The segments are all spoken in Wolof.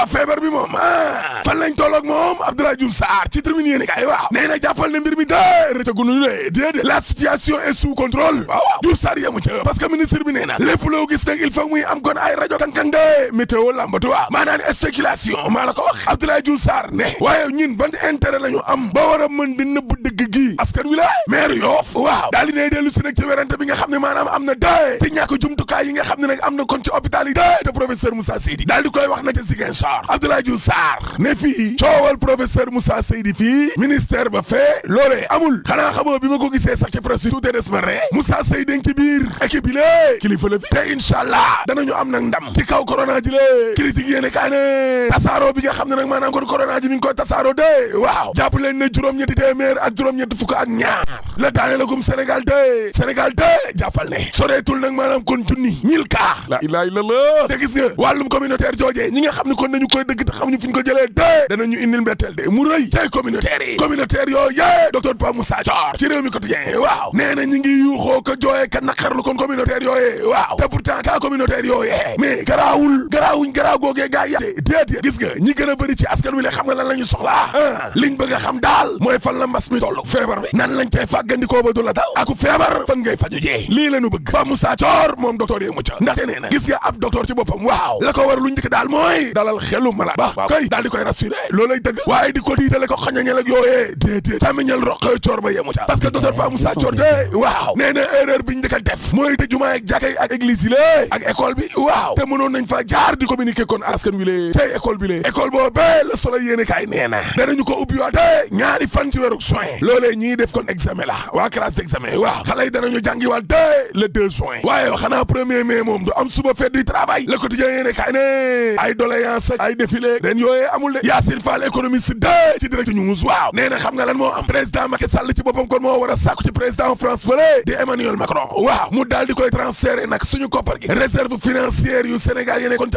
waa feebar bi moom ah fan lañ tolloog moom Abdoulaye Diouf Sarr ci tribune yéen kaay waaw nee na jàppal ne mbir mi dee rëccagunuñu de déedéet la situation est sous contrôle waaw waaw yemu ca parce ministre bi nee na lépp loo gis nag il faut muy am kon ay rajo kankang de météo lambatu waaw maanaam spéculation maa la ko wax Abdoulaye Diouf Sarr ne waaye ñun ban intérêt la am ba war a nëbb dëgg gi askan wi la maire Yoff waaw daal di ne dellu si nag ci werante bi nga xam ne maanaam am na daay ci ñàkk jumtukaay yi nga xam ne nag am na kon ci hôpital yi daay te professeur Moussa Seydi daal di koy wax na ca Ziguinchor Abdoulaye Diouf Sarr ne fii coowal professeur Moussa Seydi fii ministère ba fee loolee amul xanaa xamoo bi ma ko gisee sax ci presse bi tuuti des ma ree Seydi ci biir équipe bi lée kilifa la bi te incha allah danañu am nag ndam ci kaw corona ji lée critique yéene kaa ne tasaaro bi nga xam ko ak ñaar la daane la gum Sénégal de Sénégal de jàppal ne soreetul nag maanaam kon junni mille cas la ilaha illallah te gis nga wàllum communautaire joojee ñi nga xam ne kon nañu koy dëgg te xamuñu fi ñu ko jëlee de danañu indil mbetteel de mu rëy tey communautaire yi communautaire yoo yee docteur Pape Moussa ci réew mi quotidien waaw nee ñi ngi yuuxoo ko jooyee ka naqarlu kon communautaire yooyee waaw te pourtant cas communautaire yooyee mais garaawul garaawuñ garaaw a la ñu soxla ah, liñ bëgg a xam daal feebar bi nan lañ cay fàggandikoo ba du la dal aku feebar fan ngay faju jee lii la ñu bëgg ba Moussa Thior moom docteur yi mucca ndaxte nee na gis nga ab docteur ci boppam waaw la ko war luñ dikk daal mooy dalal xelu malade ba koy daal di koy rassuré loolay dëgg waaye di ko diitale ko xañañal ak yooyee déedéet tamiñal roqee coor ba yemu ca parce que docteur Pa Moussa Thior waaw nee na erreur biñ a def mooy te jumaa ak ak église yi lée ak école bi ñuy def kon examen la waa classe d'examen waaw xale yi danañu jàngiwaat te le deux juin waaye xanaa premier mai moom du am suba fête du travail le quotidien yéene kaay ne ay doléance ay défilé den yooyee amul de Yassine Fall économiste de ci direct news waaw nee xam nga lan moo am président Macky Sall ci boppam kon moo war a ci président France fële di Emmanuel Macron waaw mu daal di koy transféré nag suñu koppar gi réserve financière yu Sénégal yéene kon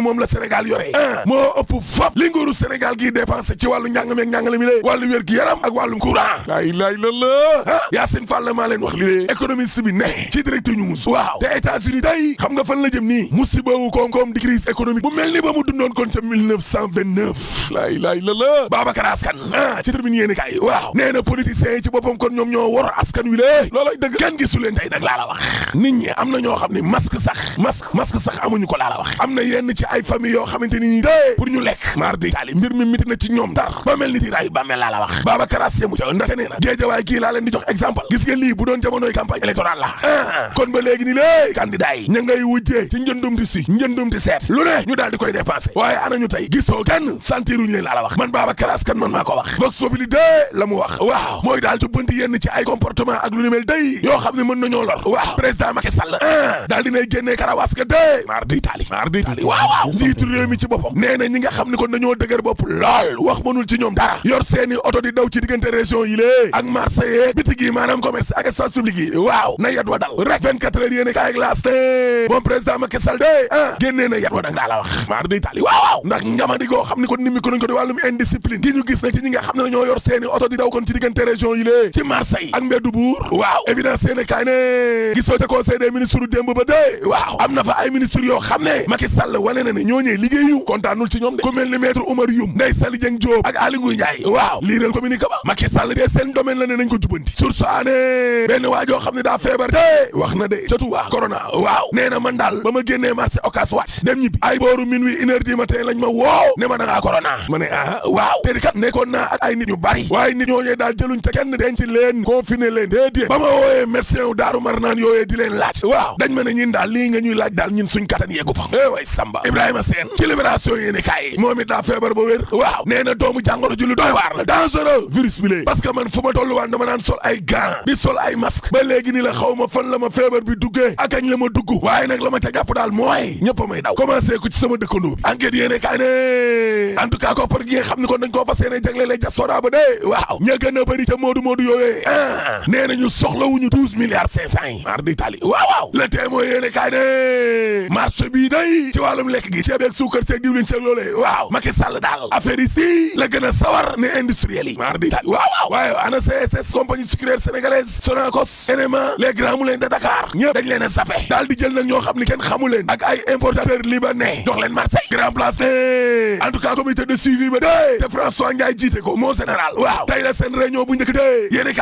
ne moom la Sénégal yore ah moo ëpp fop li nguuru Sénégal gii dépensé ci wàllu njàng meeg njàngale mi lée wàllu wér gi yaram ak wàllum courant laa ilaaha illallaah ah Yacine Fall maa wax li lée économiste bi ne eh. ci Direct News waaw te États-Unis tey xam nga fan la jëm nii musibawu koom-koom di crise économique bu mel ni ba mu dundoon kon ca 1929 laa ilaaha illallaah Babacar Assane ah ci tribune yéeni waaw nee na politiciens yi ci boppam kon ñoom ñoo war askan wi lée ay famille yoo xamante ni ñi dee pour ñu lekk mardi taali mbir mi miti ci ñoom dar ba mel ni ti laa la wax Babacar Assé mu ca ndaxte nee na géejawaay kii laa leen di jox exemple gis nga lii bu doon jamonoy campagne électorale la ah, ah. kon ba léegi ni lée candidat yi ña ngay wujjee ci njëndumti si njëndumti seet lu ne ñu daal di koy dépensé waaye anañu tey gisoo kenn sentiruñu leen laa la wax man Babacar Assé kan man maa ko wax vox populi dee la mu wax comportement ak lu ni ne mën nañoo lor waaw président Macky Sall ah. daal dinay génnee karawaas ka dee waaw ñi nga xam ne kon dañoo dëgër bopp lool wax mënul ci ñoom dara yor seeni oto di daw ci diggante région yi lée ak marché yee bitig yi maanaam ak espace public yi waaw na yat wa dal rek 24 heures yéene kaay glace te moom président Macky Sall de ah génnee na yat wa dang daa la wax maar di tali waaw waaw ndax ngamadi goo xam ne kon ni ko nañ ko di wàllum indiscipline gi ñu gis na ci ñi nga xam ne dañoo yor seeni oto di daw kon ci diggante na ne ñooñee liggéeyu kontaanul ci ñoom de ku mel ni maître Oumar Youm Ndeye Saly Dieng Diop ak Aly Ngouille waaw liiral communiqué ba Macky Sall de seen domaine la ne nañ ko jubanti source aane benn waajoo xam ne daa feebar te wax na de jotu waa corona waaw nee na man daal ba ma génnee marché occas wàcc dem ñibbi ay booru minuit une heure du matin lañ ma woow ne ma da ngaa corona ma ne ah waaw te kat nekkoon naa ay nit ñu bari waaye nit ñooñee daal jëluñ ca kenn Ibrahima Sène ci libération yéeni kaay moom it feebar ba wér waaw nee doomu jàngoro ji lu doy waar la dangereux virus bi lee parce que man fu ma tollu waan dama naan sol ay gants di sol ay masque ba léegi ni la xaw ma fan la ma feebar bi duggee ak kañ la ma dugg waaye nag la ma ca jàpp daal mooy ñëpp a may daw commencé ci sama dëkkandoo bi enquête yéene kaay ne koppar gi nga xam ni kon dañ koo fas yéene jagle lay jasoraa ba dee waaw ña gën a ca moodu gi ceeb ak suukar seeg diwlin seeg loolee waaw Macky Sall daal affaire yi si la gën a sawar ne industriel maar di waaw waaw waaye ana CSS compagnie sucrière sénégalaise Sonacos NMA les grands moulins de Dakar ñëpp dañ leen a zappé daal di jël nag ñoo xam ni kenn xamu leen ak ay importateurs libanais jox leen Marseille grand place ne en tout de suivi ba dee te François Ndiaye jiite ko moo général waaw tey la seen réunion bu njëkk dee yéene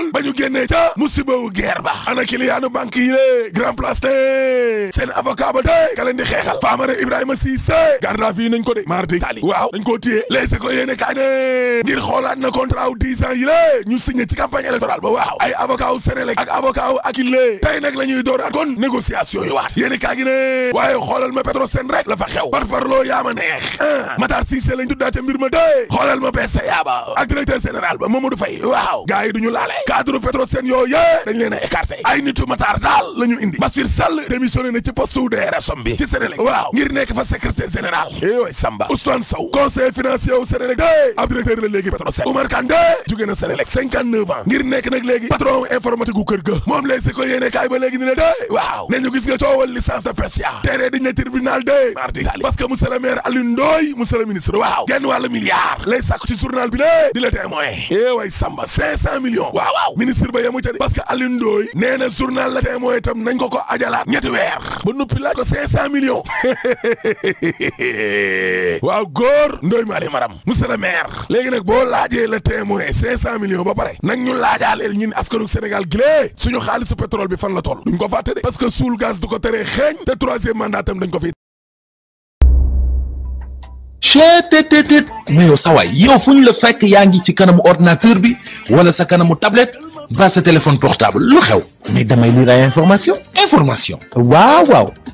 lool ba ñu génnee ca musibawu guerre ba ana kiliyaanu banque yi lée grand place te seen avocat ba tey ka leen di xeexal Famara Ibrahima Cissé garde à vue nañ ko de mardi tali waaw dañ koo téye léegi ko yéene kaay ne ngir xoolaat na contrat wu dix yi lée ñu signé ci campagne électorale ba waaw ay avocat wu Sénélec ak avocat wu Akilee tey nag la ñuy dooraat kon négociation yi waat yéene kaay gi ne waaye xoolal ma Petrosen rek la fa xew par parloo yaa cadre Petrosen yooyu yée dañ leen a écarté ay nitu mataar daal la indi Bassirou Sall démissionné na ci poste su DRH ci Sénélec waaw ngir nekk fa secrétaire général yooyu eh Samba Ousmane Sow conseiller financier wu Sénélec de ab la léegi Petrosen Oumar Kandé jóge na Sénélec cinquante neuf ngir nekk nag léegi patron informatique gu kër ga moom lay si ko yéene kaay ba léegi ni ne de waaw ne ñu gis nga coowal licence de pêche ya teeree diñ ne tribunal de mardi parce waaw waaw ministre ba yemu ca di parce que Alioune Ndoye nee na journal la Témoin itam nañ ko ko ajalaat ñetti weer ba noppi laaj ko cinq cent millions waaw góor Ndoye Mali Maram monsieur le léegi nag boo laajee la Témoin cinq cent ba pare nag ñu laajaaleel ñin askanu Sénégal gilée suñu xaalisu pétrole bi fan la toll duñ ko fàtte de parce que suul gaz du ko teree xeeñ te troisième mandat tam dañ ko fi cheetetetet mais yow sa waay yow fu ñu la fekk yaa ngi ci kanamu ordinateur bi wala sa kanamu tablette ba sa téléphone portable lu xew mais damay lire ay information information waaw waaw